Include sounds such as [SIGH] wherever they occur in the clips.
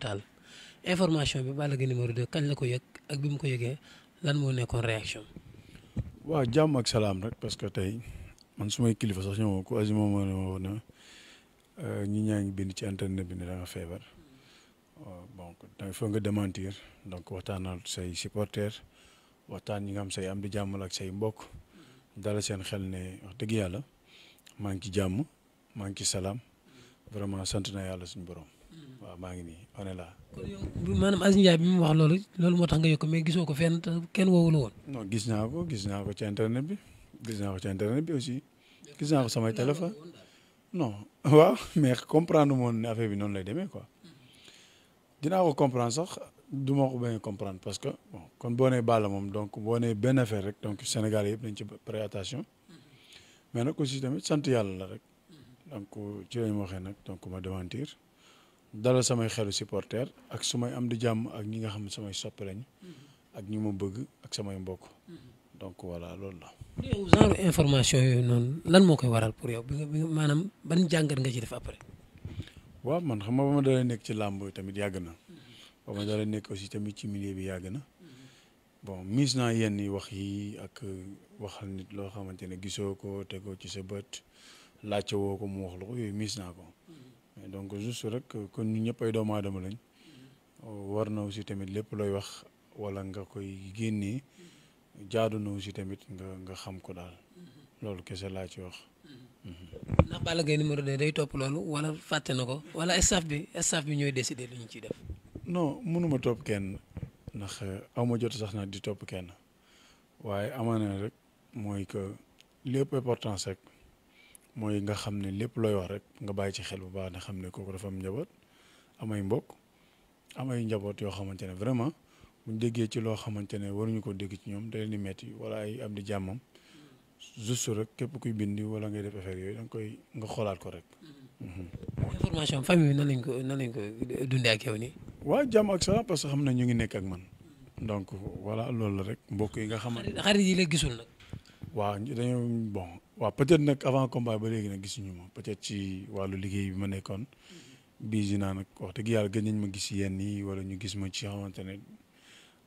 hôpital information bi Balla Gaye numéro 2 kañ la ko yëg ak bi mu ko yëgee lan moo nekkoon réaction waaw jàmm ak salaam rek parce que tey man sumay may kilifa sax ñëw ku asi moom ne woo na euh, ñaa ngi bind ci internet bi ne da feebar euh, donc il faut nga démentir donc waxtaanal say supporter waxtaan ñi nga am say am di jàmmal ak say mbokk dala seen xel ne wax dëgg yàlla maa ngi ci jàmm maa ngi ci salaam vraiment sant na yàlla suñu borom waaw maa ngi nii on est là. kon yow maanaam Aziz Ndiaye bi mu wax loolu loolu moo tax nga yokk mais gisoo ko fenn kenn woowu la woon. non gis naa ko gis naa ko ci internet bi gis naa ko ci internet bi aussi gis naa ko samay téléphone non [LAUGHS] waaw mais comprendre moon ne affaire bi noonu lay demee quoi dinaa ko comprendre sax du ma ko bañ comprendre parce que bon kon boo nee Balla moom donc boo nee benn affaire rek donc Sénégal yëpp nañ ci prêter attention mais nag aussi tamit sant yàlla la rek mm-hmm. donc ci lañ waxee nag donc ma démentir. dalal samay xelu supporter ak sumay am di jàmm ak ñi nga xam ne samay soppe lañ mm-hmm. ak ñi ma bëgg ak samay mbokk mm-hmm. donc voilà loolu la. yow genre information noonu lan moo koy waral pour yow bi nga maanaam ban jàngat nga ci def après. waaw man xam ma ba ma dalee nekk ci làmb tamit yàgg na. Mm-hmm. ba ma dalee nekk aussi tamit ci milieu bi yàgg na. bon mis naa yenn yi wax yi ak waxal nit loo xamante ne gisoo ko tegoo ci sa bët laajte woo ko mu wax la ko yooyu mis naa ko. donc juste rek kon ñu ñëpp ay doomu aadama lañ war na aussi tamit lépp looy wax wala nga koy génnee jaadu na aussi tamit nga nga xam ko daal loolu kese laa ci wax. ndax bala Gaye numéro de day topp loolu wala fàtte na ko wala staff bi staff bi ñooy décider lu ñu ciy def. non mënuma topp kenn ndax eh, awma jot sax naa di topp kenn waaye amaana rek mooy que lépp importance rek. mooy nga xam ne lépp looy wax rek nga bàyyi ci xel bu baax ne xam ne kooku dafa am njaboot am ay mbokk am ay njaboot yoo xamante ne vraiment mu déggee ci loo xamante ne waruñu ko dégg ci ñoom da leen di wala am di jàmmam juste rek képp kuy bindi wala ngay yooyu da koy nga xoolaat ko rek. Mm-hmm. information famille bi nan lañ ko nan lañ ko dundee ak yow nii. waaw jàmm ak salaam parce que xam na ñu ngi nekk ak man. donc voilà loolu la rek mbokk yi nga xamante ne. xarit yi la gisul nag. waaw dañoo bon. waaw peut nag avant combat ba léegi nag gisuñu ma peut-être ci wàllu liggéey bi ma nekkoon mm-hmm. biisi naa nag wax dëgg yàlla gën nañ ma gis yenn yi wala ñu gis ma ci xamante ne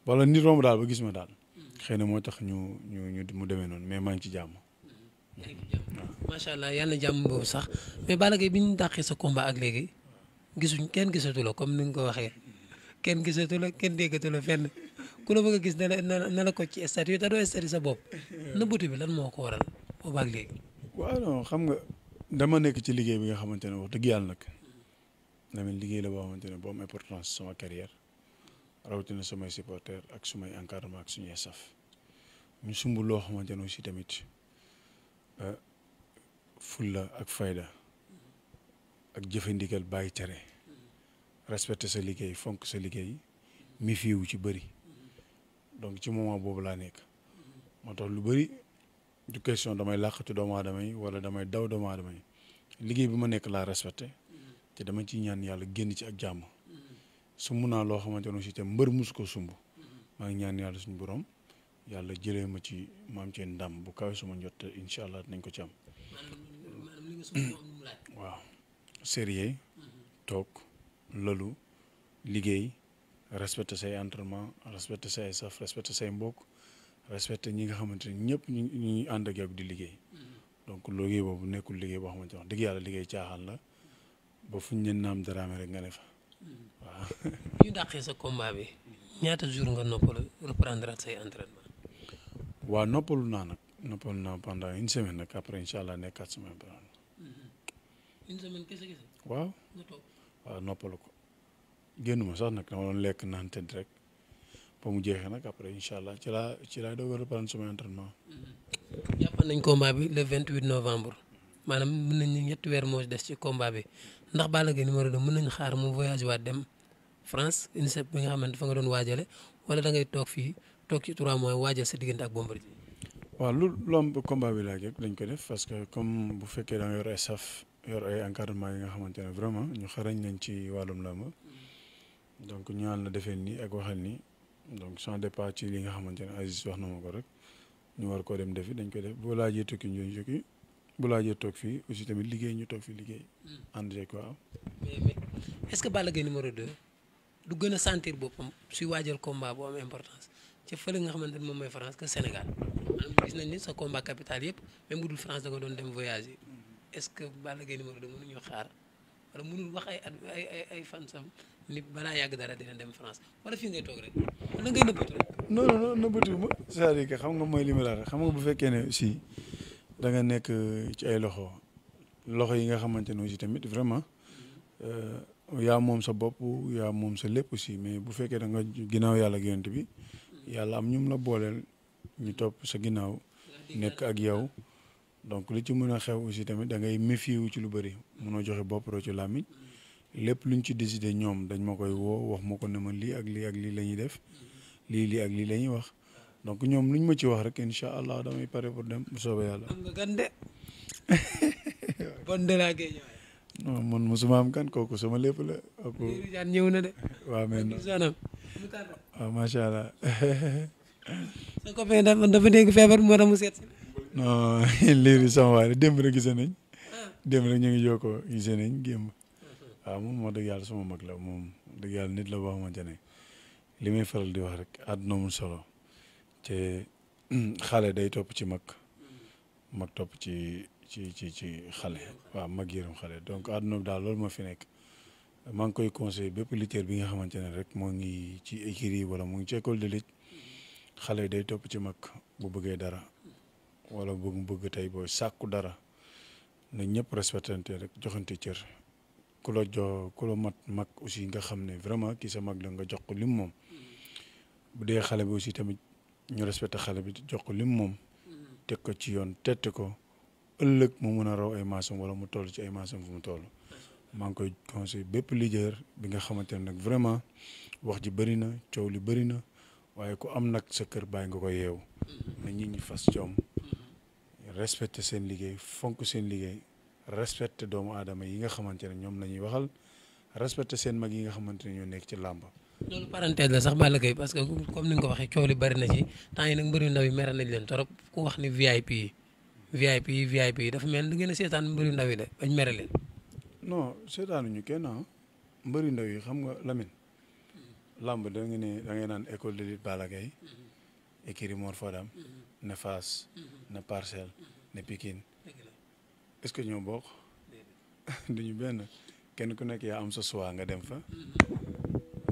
wala nit romb ba gis ma daal mm-hmm. xëy na moo tax ñu ñu ñu mu demee noonu mais maa ngi ci jàmm. Mm-hmm. macha allah yàlla na sax mais bi ñu dàqee sa combat ak léegi gisuñ kenn gisatu la comme ni nga ko waxee kenn gisatu la kenn déggatu la fenn ku la bëgg gis ne la ne la ko ci statut te doo statut sa bopp [LAUGHS] nëbbatu bi lan moo ko waral. boobaag léegi. waaw non xam nga dama nekk ci liggéey bi nga xamante ne wax dëgg yàlla na damay liggéey la boo xamante ne boo am importance sama carrière rawatina samay supporter ak sumay encadrement ak suñuy saf ñu sumb loo xamante ne aussi tamit euh, ful la ak fayda ak jëfandikal bàyyi tere respecté sa liggéey fonk sa liggéey mi fiiwu ci bëri donc ci moment boobu laa nekk moo tax lu bëri. du question damay làqatu doomu adama yi wala damay daw doomu aadama yi liggéey bi ma nekk laa respecté te dama ci ñaan yàlla génn ci ak jàmm sumb naa loo xamante ne aussi te mbër mus ko sumb maa ngi ñaan yàlla suñu borom yàlla jëlee ma ci maam ci ndam bu kawe suma njot te incha allah nañ ko ci am. waaw sérieux toog lolu liggéey respecté say entraînement respecté say saf respecté say mbokk. respecté ñi nga xamante ne ñëpp ñu ñu ànd ak yow di liggéey donc liggéey boobu nekkul liggéey boo xamante wax dëgg yàlla liggéey caaxaan la ba fu ñu leen naam daraame rek nga ne fa waaw. [LAUGHS] ñu dàqee sa combat bi ñaata jour nga noppalu reprendre say entraînement. waaw noppalu naa nag noppalu naa pendant une semaine nag après incha allah nekkaat sama entraînement. Mm-hmm. une waaw. nga noppalu ko génn ma sax nag lekk naan tëdd rek. ba mu jeexee nag après incha allah ci laa ci laa doog a reprendre sama entraînement. Mm-hmm. jàpp nañ combat bi le 28 novembre maanaam mën nañ ñetti weer moo des ci combat bi ndax Balla nañ xaar mu voyage waat dem France UNICEF bi nga xamante fa nga doon waajale wala da ngay toog fii toog ci 3 mois waajal sa diggante ak Bombardier. waaw lu lomb combat bi laaj rek ko def parce que comme bu fekkee da nga yor ay saf yor ay encadrement yi nga xamante ne vraiment ñu xarañ nañ ci wàllum làmb mm-hmm. donc ñu na defee nii ak waxal nii. donc sans départ ci li nga xamante ne Aziz wax ko rek ñu war dem defi dañ koy def bu laajee tukki ñu tukki bu laajee toog fii aussi liggéey ñu toog fii liggéey. Hmm. ànd est-ce que Balla Gaye numéro 2 du gën a sentir boppam suy waajal combat bu am importance ci fële nga xamante ne moom mooy France que Sénégal maanaam gis nañ ni sa combat capital yëpp même bu dul France da nga doon dem voyager hmm. est-ce que Balla Gaye numéro 2 mënuñu xaar wala mënul wax ay ay ay ay fan sam li balaa yàgg dara dina dem France wala fii ngay toog rek wala ngay nëbbatu rek. non non nëbbatuwuma c'est-à-dire que xam nga mooy li ma la xam nga bu fekkee ne aussi da nga nekk ci ay loxo loxo yi nga xamante ne aussi tamit vraiment euh, yaa moom sa bopp yaa moom sa lépp aussi mais bu fekkee da nga ginnaaw yàlla ak yonent bi yàlla am ñum la booleel ñu topp sa ginnaaw nekk ak yow donc li ci mën a xew aussi tamit da ngay méfier wu ci lu bëri mënoo joxe bopp roo ci làmmiñ lépp luñ ci décidé ñoom dañ ma koy woo wax ma ko ne ma lii ak lii ak lii la ñuy def lii lii ak lii la ñuy wax donc ñoom luñ ma ci wax rek incha allah damay pare pour dem bu soobee yàlla. am nga gan kan kooku sama lépp la. kooku ñëw na de. waaw allah. dafa dafa dégg feebar moo tax mu seet si. non liir [LAUGHS] yi sama waay démb rek gisee ah. ñu ngi jokkoo gisee nañ waaw ah, moom moo dëgg yàlla sama mag la moom dëgg yàlla nit la boo xamante ne li muy faral di wax rek àdduna mu solo te [CLEARS THROAT] xale day topp ci mag mag topp ci ci ci ci xale waaw mag yërëm xale donc àdduna bi daal loolu moo fi nekk maa ngi koy conseillé bépp lutteur bi nga xamante ne rek moo ngi ci écurie yi wala mu ngi ci école de lutte xale day topp ci mag bu bëggee dara walla bu bëgg tey booy sàkku dara na ñëpp respectante rek joxante cër ku la jo mat mag aussi nga xam ne vraiment kii sa mag la nga jox ko lim moom mm-hmm. bu dee xale bi aussi tamit ñu respecté xale bi jox ko lim moom mm-hmm. teg ko ci yoon tette ko ëllëg mu mun a raw ay maasam wala mu toll ci ay maasam fu mu toll maa ngi koy conseil bépp leader bi nga xamante ne nag vraiment wax ji bëri na coow li bëri na waaye ku am nag sa kër bàyyi nga ko yeew mm-hmm. na nit ñi fas jom respecté seen liggéey fonk seen liggéey respecté doomu aadama yi nga xamante ne ñoom la ñuy waxal respecté seen mag yi nga xamante ne ñoo nekk ci làmb. loolu parenthèse la sax Balla Gaye parce que comme ni nga ko waxee coow li bari na ci temps yi nag mbëri ndaw yi mere nañ leen trop ku wax ni VIP yi VIP yi VIP yi dafa mel ni da ngeen a seetaan mbëri ndaw yi de bañ mere leen. non seetaanuñu kenn ah mbëri ndaw yi xam nga Lamine. làmb da nga ne da naan école de lutte Balla Gaye. Mhm. écurie Mor Fadam. Mhm. ne Fass. Mhm. ne est-ce que ñoo bokk [LAUGHS] duñu benn kenn ku nekk yaa am sa choix nga dem fa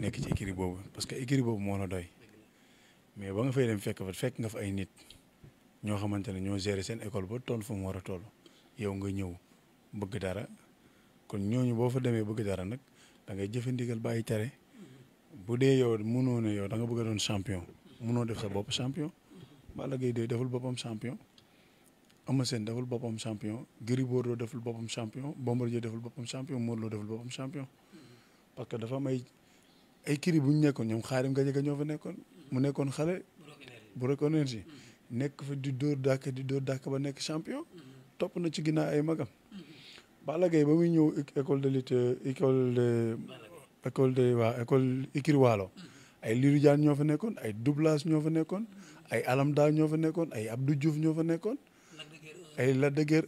nekk ci écurie boobu parce que écurie boobu moo la doy mais ba nga fay dem fekk fa fekk nga fa ay nit ñoo xamante ne ñoo gérer seen école ba tool fu mu war a toll yow nga ñëw bëgg dara kon ñooñu boo fa demee bëgg dara nag da ngay jëfe ndigal bàyyi tere bu dee yow mënoo ne yow da nga bëgg doon champion mënoo def sa bopp champion Balla Gaye dee deful boppam champion Eumeu Sène deful boppam champion Gris Bordeaux deful boppam champion Bombardier deful boppam champion Modou Lô deful boppam champion parce que dafa am ay ay kiri bu ñu nekkoon ñoom xaarim nekkoon mu nekkoon ba nekk champion topp na ci ginnaaw ay magam ba muy ñëw école de lutte de école de waa école ikiri waalo ay Lirou Diane ñoo fa nekkoon ay Doublas nekkoon ay Alamda ñoo nekkoon ay la de Guiers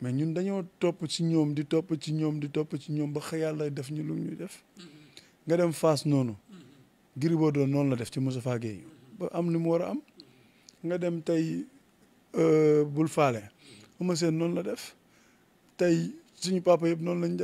mais ñun dañoo topp ci ñoom di topp ci ñoom di topp ci ñoom ba xëy yàlla def ñu lu ñuy def mm-hmm. nga dem Fass noonu mm-hmm. Gris Bordeaux noonu la def ci Moustapha Guèye mm-hmm. ba am li mu war a am nga dem tey euh, bul faale Eumeu Sène noonu la def tey suñu papa yëpp noonu lañ def